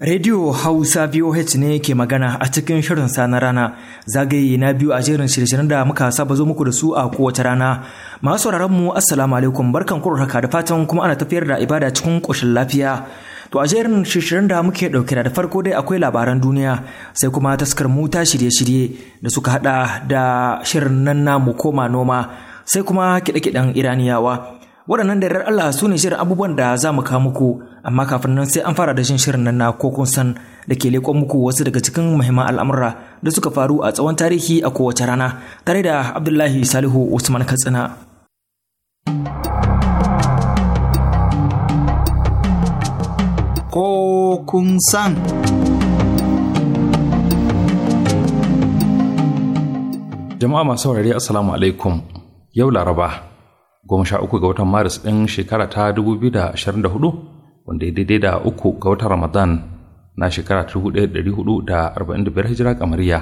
Radio Hausa VOH ne ke magana a cikin shirin sa na rana zagaye na biyu a jerin shirye-shiryen da muka saba zo muku da su a kowace rana. Masu sauraron mu assalamu alaikum barkan ku haka da fatan kuma ana tafiyar da ibada cikin koshin lafiya. To a jerin shirye-shiryen da muke dauke da farko dai akwai labaran duniya sai kuma taskar mu ta shirye-shirye da suka hada da shirin nan namu koma noma sai kuma kiɗe-kiɗen Iraniyawa. waɗannan da Allah su ne shirin abubuwan da za mu kawo muku amma kafin nan sai an fara da shin shirin nan na ko kun san da ke leƙon muku wasu daga cikin muhimman al'amura da suka faru a tsawon tarihi a kowace rana tare da Abdullahi Salihu Usman Katsina. Ko kun san. Jama'a masu saurari Assalamu alaikum yau Laraba goma sha uku ga watan maris ɗin shekara ta dubu biyu da ashirin da hudu wanda ya daidai da uku ga watan ramadan na shekara ta dubu ɗaya ɗari hudu da arba'in da biyar hijira kamariya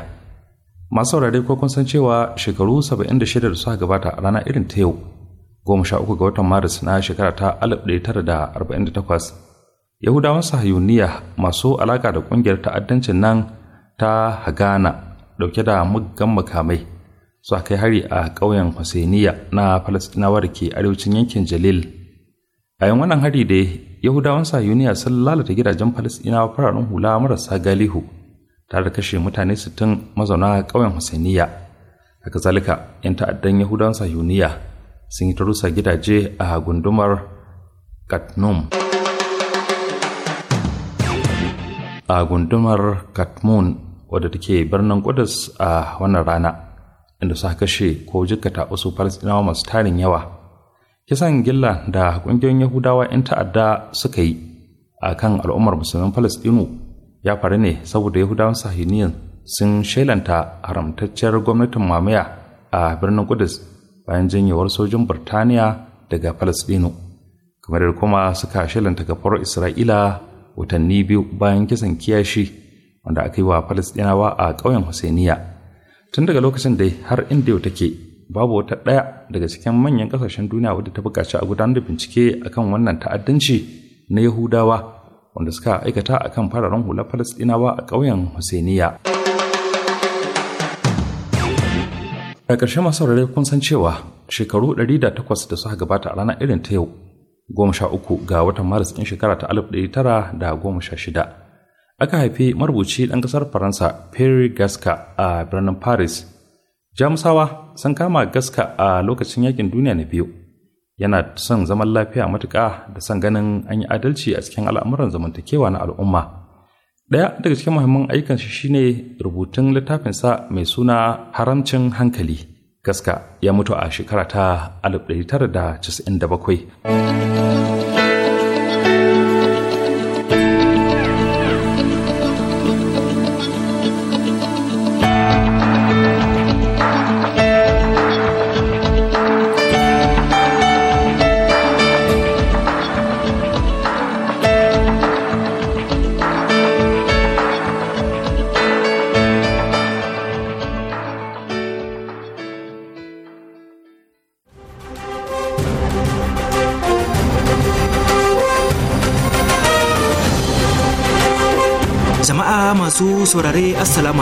masu saurare ko kun san cewa shekaru saba'in da shida da suka gabata a rana irin ta yau goma sha uku ga watan maris na shekara ta alif ɗaya tara da arba'in da takwas yahudawan sahayuniya masu alaƙa da ƙungiyar ta'addancin nan ta hagana ɗauke da muggan makamai A kai hari a ƙauyen Hussainiya na Falasɗinawa da ke arewacin yankin Jalil. A yin wannan hari da Yahudawan Sayuniya sun lalata gidajen Falasɗinawa fararen hula marasa galihu tare da kashe mutane sittin mazauna ƙauyen Hussainiya. Haka zalika, 'yan ta'addan Yahudawan Sayuniya sun yi ta rusa gidaje a gundumar Katnum. A gundumar Katmun wadda take birnin Kudus a wannan rana. inda suka kashe ko jikkata wasu falastinawa masu tarin yawa kisan gilla da ƙungiyoyin yahudawa in ta'adda suka yi a kan al'ummar musulmin falasɗinu ya faru ne saboda yahudawan sahiniyan sun shelanta haramtacciyar gwamnatin mamaya a birnin kudus bayan janyewar sojin burtaniya daga falasɗinu kamar da kuma suka shelanta gafarar isra'ila watanni biyu bayan kisan kiyashi wanda aka yi wa falasɗinawa a ƙauyen Hussainiya. tun daga lokacin da har yau take babu wata ɗaya daga cikin manyan ƙasashen duniya wadda ta buƙaci a gudanar da bincike akan wannan ta'addanci na yahudawa wanda suka aikata akan fararen hula falastinawa a ƙauyen husainiya a ƙarshe masu saurare kun san cewa shekaru ɗari da da suka gabata a ranar irin ta yau 13 ga watan maris ɗin shekara ta 1916 aka haifi marubuci ɗan ƙasar faransa Pierre gaska a birnin paris jamusawa sun kama gaska a lokacin yakin duniya na biyu yana son zaman lafiya matuƙa da son ganin an yi adalci a cikin al'amuran zamantakewa na al'umma ɗaya daga cikin muhimman ayyukan shi shine rubutun littafinsa mai suna haramcin hankali gaska ya mutu a shekara ta 1997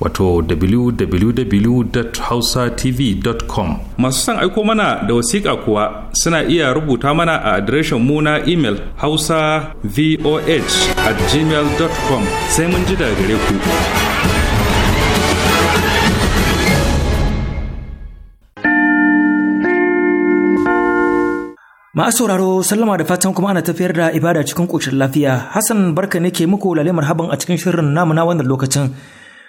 wato www.hausatv.com masu son aiko mana da wasiƙa kuwa suna iya rubuta mana a adireshin mu na imel hausa voh at gmail.com sai mun ji da gare ku Masu sauraro sallama da fatan kuma ana tafiyar da ibada cikin ƙoshin lafiya Hassan barka ne ke muku lalemar haban a cikin shirin namu na wannan lokacin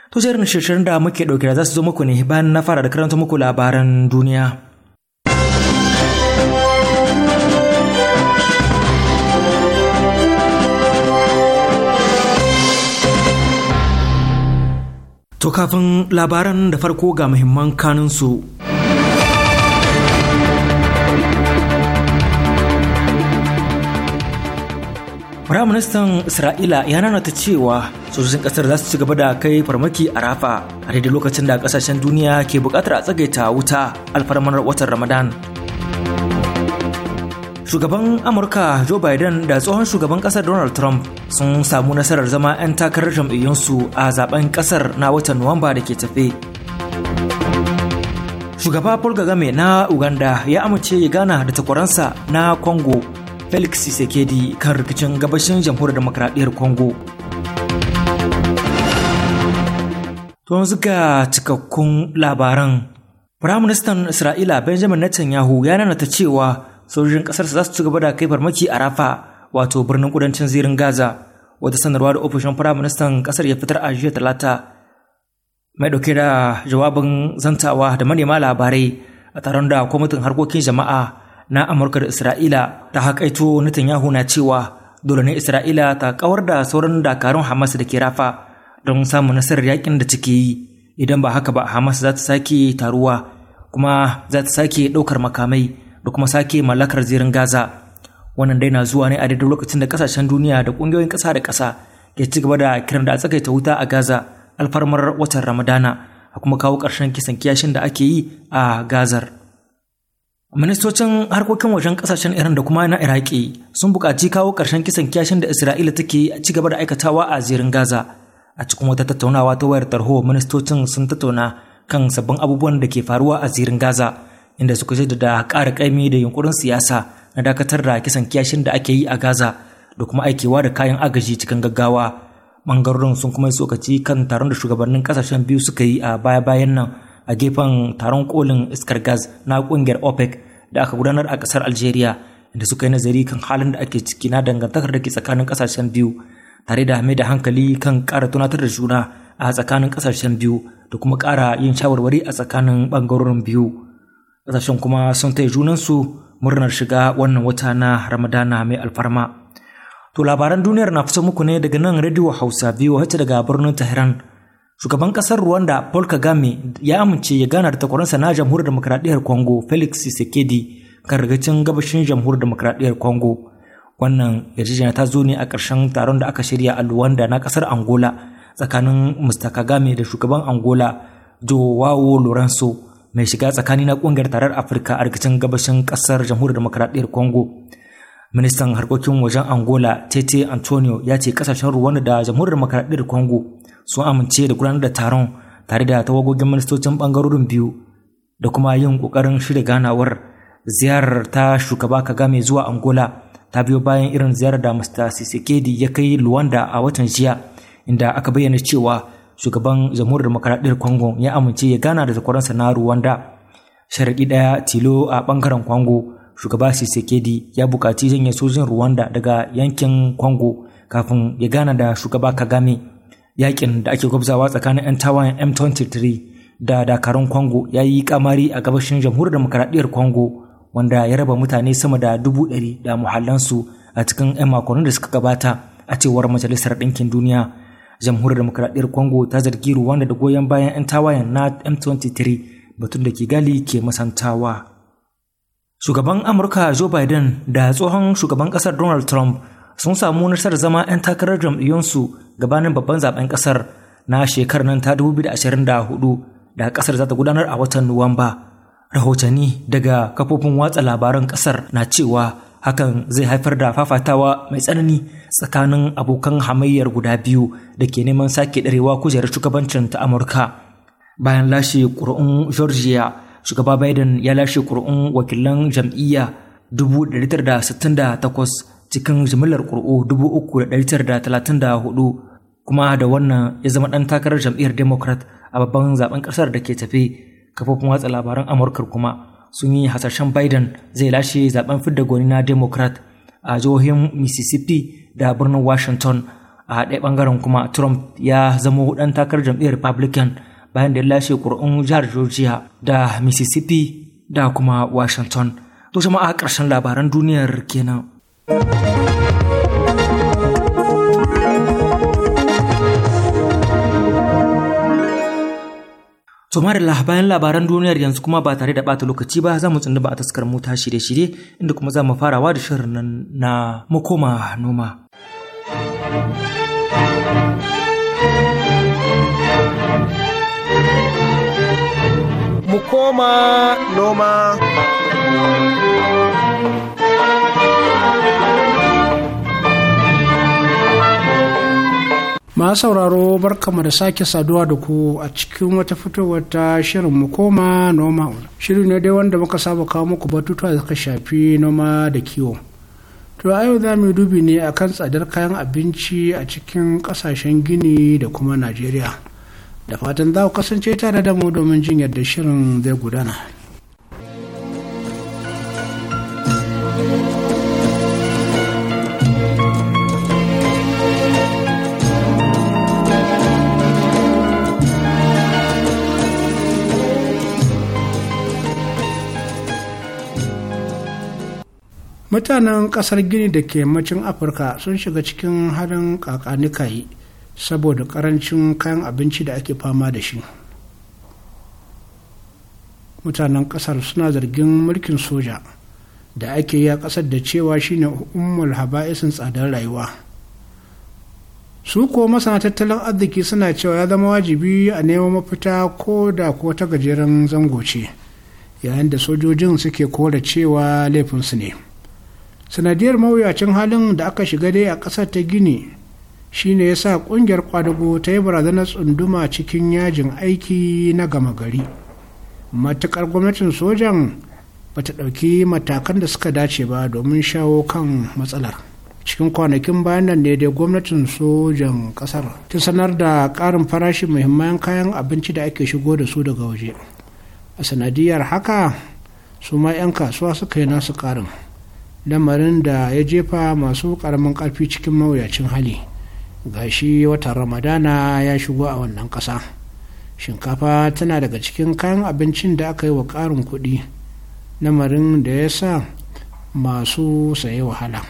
To jerin shirin da muke ɗauke da za su zo muku ne bayan na fara da karanta muku labaran duniya. To kafin labaran da farko ga muhimman kanunsu Firaministan Isra'ila ya nanata cewa sojojin kasar za su ci gaba da kai farmaki a Rafa a daidai lokacin da kasashen duniya ke bukatar a tsagaita wuta alfarmar watan Ramadan. Shugaban Amurka Joe Biden da tsohon shugaban kasar Donald Trump sun samu nasarar zama 'yan takarar jam'iyyunsu a zaben kasar na watan Nuwamba da ke tafe. Shugaba Paul Kagame na Uganda ya amince ya gana da takwaransa na Congo felix sisekedi kan rikicin gabashin jamhuriyar demokradiyyar congo to ga cikakkun labaran firaministan isra'ila benjamin netanyahu ya nanata cewa sojojin kasarsa za su ci gaba da kai farmaki a rafa wato birnin kudancin zirin gaza wata sanarwa da ofishin firaministan kasar ya fitar a jiya talata mai dauke da jawabin zantawa da manema labarai a taron da kwamitin harkokin jama'a na Amurka da Isra'ila ta haƙaito Netanyahu na cewa dole ne Isra'ila ta kawar da sauran dakarun Hamas da ke rafa don samun nasarar yakin da take yi idan ba haka ba Hamas za ta sake taruwa kuma za ta sake ɗaukar makamai da kuma sake mallakar zirin Gaza. Wannan dai na zuwa ne a daidai lokacin da kasashen duniya da ƙungiyoyin ƙasa da ƙasa ke ci gaba da kiran da a ta wuta a Gaza alfarmar watan Ramadana a kuma kawo ƙarshen kisan kiyashin da ake yi a Gazar. Ministocin harkokin wajen kasashen Iran da kuma na Iraki sun buƙaci kawo ƙarshen kisan kiyashin da Isra'ila take ci gaba da aikatawa a zirin Gaza. A cikin wata tattaunawa ta wayar tarho ministocin sun tattauna kan sabbin abubuwan da ke faruwa a zirin Gaza inda suka da ƙara ƙaimi da yunkurin siyasa na dakatar da kisan kiyashin da ake yi a Gaza da kuma aikewa da kayan agaji cikin gaggawa. Bangarorin sun kuma yi tsokaci kan taron da shugabannin kasashen biyu suka yi a baya-bayan nan a gefen taron kolin iskar gas na kungiyar opec da aka gudanar a kasar algeria inda suka yi nazari kan halin da ake ciki na dangantakar da ke tsakanin kasashen biyu tare da mai da hankali kan kara tunatar da juna a tsakanin kasashen biyu da kuma kara yin shawarwari a tsakanin bangarorin biyu kasashen kuma sun taya junansu murnar shiga wannan wata na ramadana mai alfarma to labaran duniyar na fusa muku ne daga nan radio hausa biyu wacce daga birnin tehran Shugaban ƙasar Rwanda Paul Kagame ya amince ya gana da takwaransa na jamhuriyar demokradiyyar Congo Felix Tshisekedi kan rigacin gabashin jamhuriyar demokradiyyar Congo. Wannan yarjejeniya ta zo ne a ƙarshen taron da aka shirya a Luwanda na ƙasar Angola tsakanin Mr. Kagame da shugaban Angola Joao Lourenço mai shiga tsakani na ƙungiyar tarar Afirka a rikicin gabashin ƙasar jamhuriyar demokradiyyar Congo. Ministan harkokin wajen Angola Tete Antonio ya ce ƙasashen Rwanda da jamhuriyar demokradiyyar Congo sun amince da gudanar da taron tare da tawagogin ministocin bangarorin biyu da kuma yin kokarin shirya ganawar ziyarar ta shugaba kagame zuwa angola ta biyo bayan irin ziyarar da mr sisekedi ya kai luwanda a watan jiya inda aka bayyana cewa shugaban jamhuriyar makaradar congo ya amince ya gana da zakwaransa na ruwanda sharaɗi ɗaya tilo a ɓangaren congo shugaba sisekedi ya buƙaci janye sojin ruwanda daga yankin congo kafin ya gana da shugaba kagame yakin da ake gwabzawa tsakanin 'yan tawayen M23 da dakarun kwango ya yi kamari a gabashin jamhuriyar demokaradiyyar kwango wanda ya raba mutane sama da dubu ɗari da muhallansu a cikin 'yan makonnin da suka gabata a cewar Majalisar Ɗinkin Duniya. Jamhuriyar demokaradiyyar kwango ta zargi Rwanda da goyon bayan 'yan tawayen na M23 batun da Kigali ke masantawa. Shugaban Amurka Joe Biden da tsohon shugaban ƙasar Donald Trump sun samu nasarar zama 'yan takarar jam'iyyunsu gabanin babban zaben kasar na shekarar nan ta 2024 da kasar za ta gudanar a watan Nuwamba. Rahotanni daga kafofin watsa labaran kasar na cewa hakan zai haifar da fafatawa mai tsanani tsakanin abokan hamayyar guda biyu da ke neman sake ɗarewa kujerar shugabancin ta Amurka. Bayan lashe ƙuri'un Georgia, shugaba Biden ya lashe ƙuri'un wakilan jam'iyya 1968 cikin jimillar ƙuri'u hudu, kuma da wannan ya zama ɗan takarar jam'iyyar democrat a babban zaben ƙasar da ke tafe kafofin watsa labaran amurka kuma sun yi hasashen biden zai lashe zaben fidda goni na democrat a jihohin mississippi da birnin washington a ɗaya ɓangaren kuma trump ya zama ɗan takarar jam'iyyar republican bayan da ya lashe ƙuri'un jihar georgia da mississippi da kuma washington to jama'a ƙarshen labaran duniyar kenan Somarila bayan labaran duniyar yanzu kuma ba tare da bata lokaci ba za mu tsinda ba a taskar mota shirye-shirye inda kuma za mu wa da shirin nan na makoma noma. Mu noma. ma sauraro barkamu da sake saduwa da ku a cikin wata fitowar ta shirin mu koma noma shirin ne dai wanda muka saba kawo muku batutuwa da suka shafi noma da kiwo to a yau za mu dubi ne akan tsadar kayan abinci a cikin kasashen gini da kuma najeriya da fatan za ku kasance tare da mu domin jin yadda shirin zai gudana mutanen kasar gini da ke yammacin afirka sun shiga cikin halin kakanikayi saboda karancin kayan abinci da ake fama da shi mutanen kasar suna zargin mulkin soja da ake yi a kasar da cewa shine ummul haba'isin tsadar rayuwa su ko masana tattalin arziki suna cewa ya zama wajibi a neman mafita ko da ko ta gajeren zango ce yayin da sojojin suke kora cewa laifinsu ne sanadiyar mawuyacin halin da aka shiga dai a ƙasar ta gini shine ya sa ƙungiyar kwadago ta yi barazanar tsunduma cikin yajin aiki na gama gari matuƙar gwamnatin sojan ba ta ɗauki matakan da suka dace ba domin shawo kan matsalar cikin kwanakin bayan nan ne da gwamnatin sojan ƙasar ta sanar da ƙarin farashi muhimman kayan abinci da ake shigo da su daga waje a sanadiyar haka su ma 'yan kasuwa suka yi nasu ƙarin lamarin da ya jefa masu ƙaramin ƙarfi cikin mawuyacin hali gashi watan ramadana ya shigo a wannan ƙasa shinkafa tana daga cikin kayan abincin da aka yi wa ƙarin kuɗi lamarin da ya sa masu saye wahala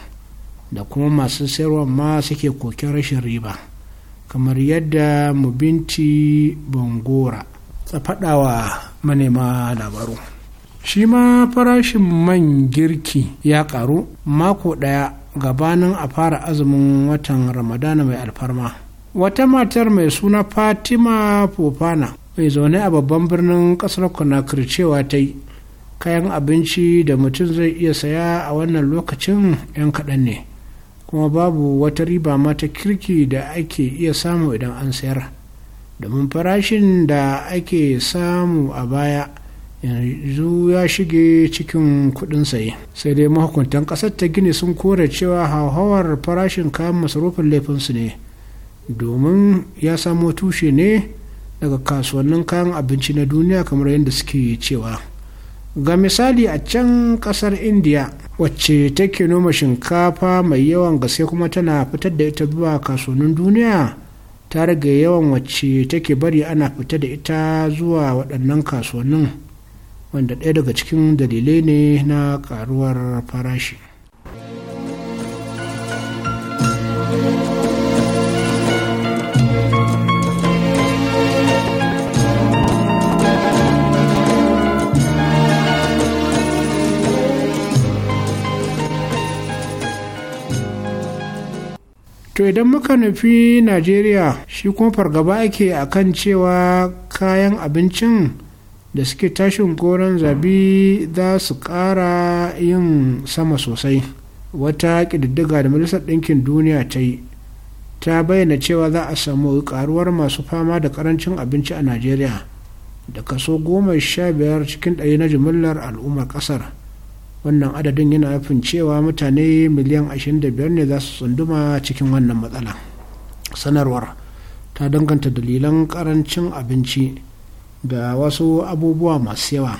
da kuma masu sayarwa ma suke koken rashin riba kamar yadda mubinti bangora ta faɗawa manema labaru shi ma farashin man girki ya karu mako daya gabanin a fara azumin watan ramadana mai alfarma wata matar mai suna fatima fofana mai zaune a babban birnin kasar conakry cewa ta yi kayan abinci da mutum zai iya saya a wannan lokacin 'yan kaɗan ne kuma babu wata riba mata kirki da ake iya samu idan an sayar domin farashin da ake samu a baya yanzu ya shige cikin kudin saye sai dai mahukuntan kasar ta gini sun kore cewa hauhawar farashin kayan masarufin laifinsu ne domin ya samo tushe ne daga kasuwannin kayan abinci na duniya kamar yadda suke cewa ga misali a can kasar indiya. wacce take noma shinkafa mai yawan gaske kuma tana fitar da ita zuwa kasuwannin duniya ta rage yawan wacce take bari ana fita da ita zuwa waɗannan kasuwannin wanda ɗaya daga cikin dalilai ne na karuwar farashi to idan muka nufi najeriya shi kuma fargaba ake akan cewa kayan abincin da suke tashin goron zabi za su ƙara yin sama sosai wata ƙididdiga da majalisar ɗinkin duniya ta yi ta bayyana cewa za a samu karuwar masu fama da karancin abinci a najeriya da kaso goma sha biyar cikin ɗari na jimillar al'ummar ƙasar wannan adadin yana nufin cewa mutane miliyan biyar ne za su tsunduma cikin wannan matsala sanarwar ta danganta dalilan ƙarancin abinci ga wasu abubuwa masu yawa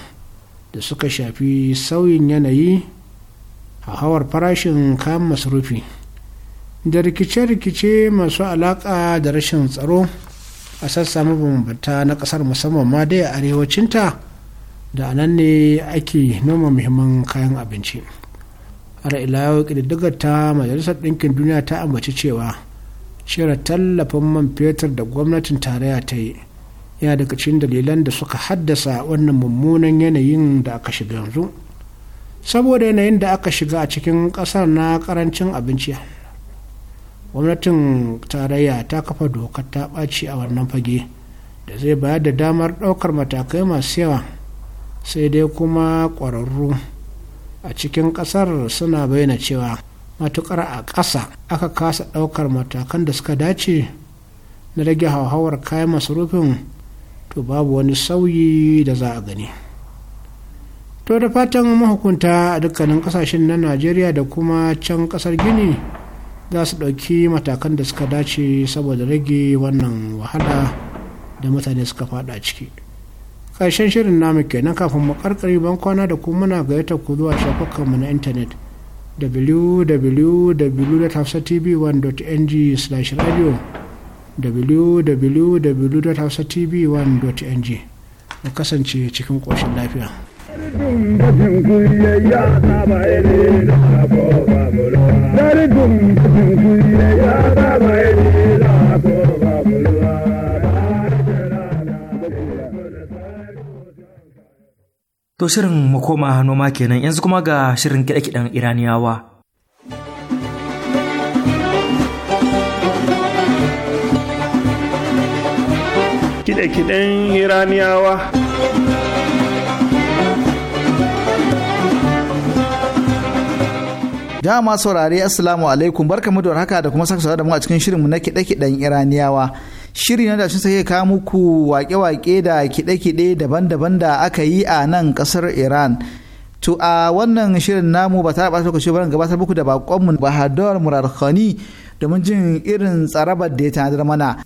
da suka shafi sauyin yanayi hawar farashin kayan masarufi da rikice-rikice masu alaƙa da rashin tsaro a sassa mabambanta na ƙasar musamman ma dai a arewacinta da nan ne ake noma muhimman kayan abinci har ila yau ta majalisar ɗinkin duniya ta ambaci cewa cire tallafin man fetur da gwamnatin tarayya ta yi ya daga cikin dalilan da suka haddasa wannan mummunan yanayin da aka shiga yanzu saboda yanayin da aka shiga a cikin ƙasar na ƙarancin abinci gwamnatin tarayya ta kafa dokar ta ɓaci a wannan fage da zai bayar da damar ɗaukar matakai masu yawa sai dai kuma ƙwararru a cikin ƙasar suna bayyana cewa matuƙar a ƙasa aka kasa ɗaukar matakan da suka dace na rage hauhawar kayan masarufin to babu wani sauyi da za a gani to da fatan mahukunta a dukkanin kasashen na najeriya da kuma can kasar gini za su ɗauki matakan da suka dace saboda rage wannan wahala da mutane suka fada ciki ƙarshen shirin namu kenan kafin mu karkari ban kwana da kuma muna gayyata ku zuwa shafukanmu na intanet www.hafsatv1.ng/radio www.hausatv1.ng mu kasance cikin ƙoshin lafiya. To shirin makoma noma kenan yanzu kuma ga shirin kiɗe-kiɗen Iraniyawa. kide-kiden iraniyawa dama saurari assalamu alaikum mu da haka da kuma saka da mu a cikin shirinmu na kiɗe kiden iraniyawa shiri na da shi sai ka muku wake-wake da kide-kide daban-daban da aka yi a nan kasar iran to a wannan shirin namu ba ta da lokaci ba gabatar muku da bakon bakonmu bahadur murarkhani khani domin jin irin tsarabar da ya tanadar mana.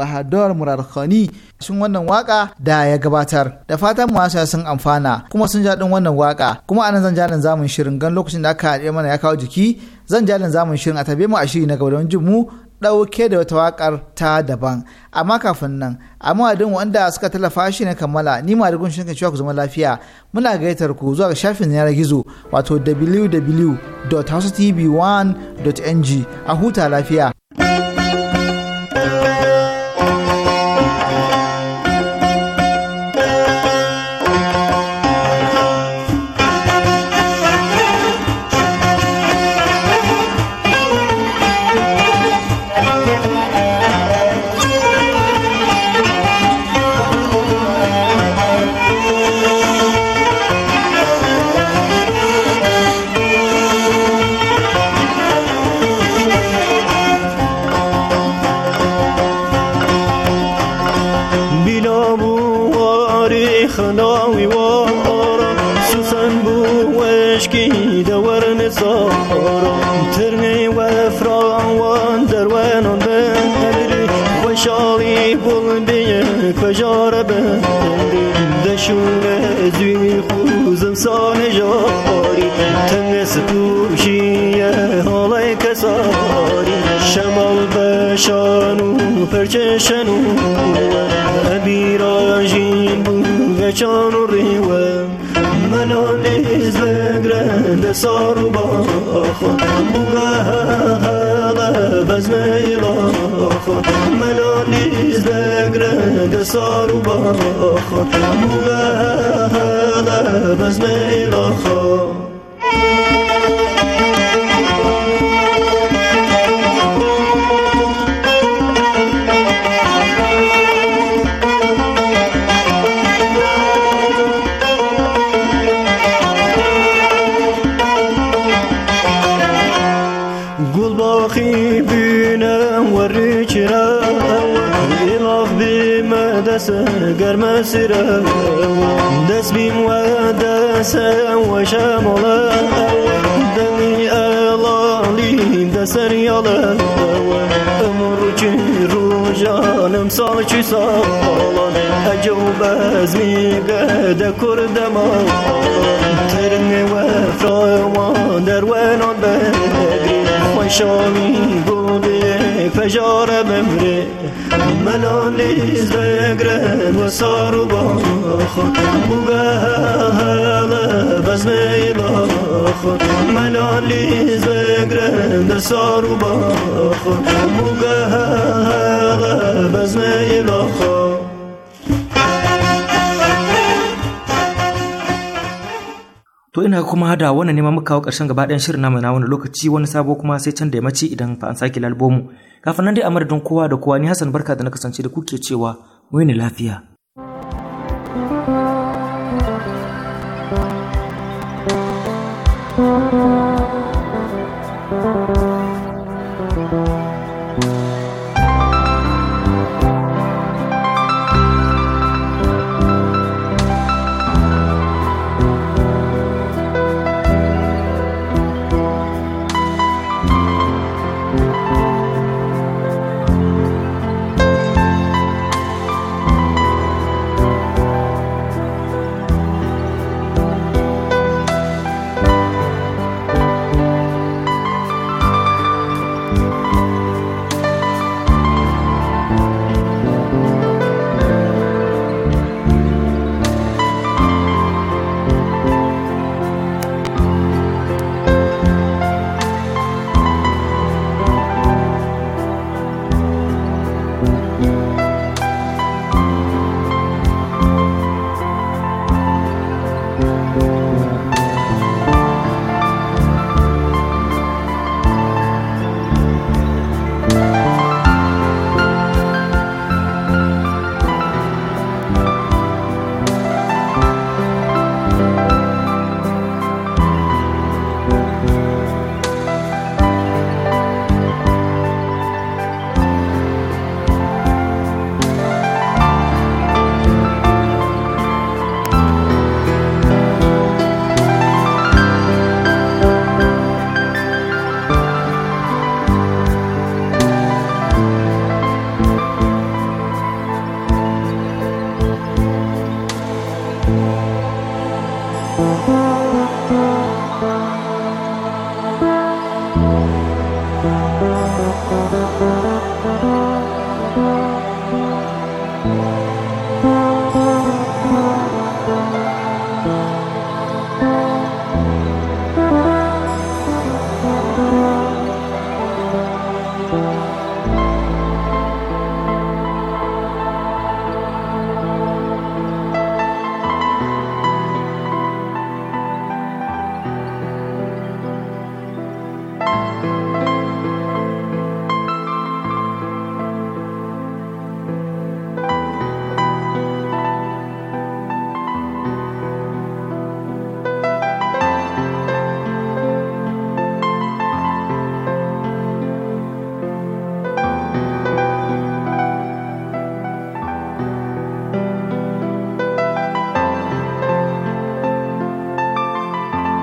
Bahadur Murarkhani cikin wannan waka da ya gabatar da fatan masu sun amfana kuma sun jaɗin wannan waka kuma anan zan jalin zamun shirin gan lokacin da aka haɗe mana ya kawo jiki zan jalin zamun shirin a tabe mu a shiri na gaba don jin mu ɗauke da wata wakar ta daban amma kafin nan a mawadin wanda suka tallafa shi na kammala ni ma rigun shi cewa ku zama lafiya muna gaitar ku zuwa ga shafin yanar gizo wato www.housetv1.ng a huta lafiya شمال بشانو پرچشنو ابی راجین بو و چانو ریوه منو نیز بگرند سارو باخو بوگه هغه بزمه لاخو منو نیز بگرند سارو باخو بوگه هغه بزمه لاخو سرا دس بيم ودس وشاملا دني ألالي دسر يلا أمر جيرو جانم ساچي سالا أجو بزمي قد كردما ترني وفرا وان دروان بدري وشامي قولي فجار بمره ملالی زگره و بزمه ملالی زگره بزمه To ina kuma da wannan neman muka kawo karshen gaba ɗayan shirin namu na wani lokaci wani sabo kuma sai can da ya mace idan fa an sake lalbomu. kafin nan dai a madadin kowa da kowa ni Hassan barka da na kasance da kuke cewa wani lafiya thank you Thank you.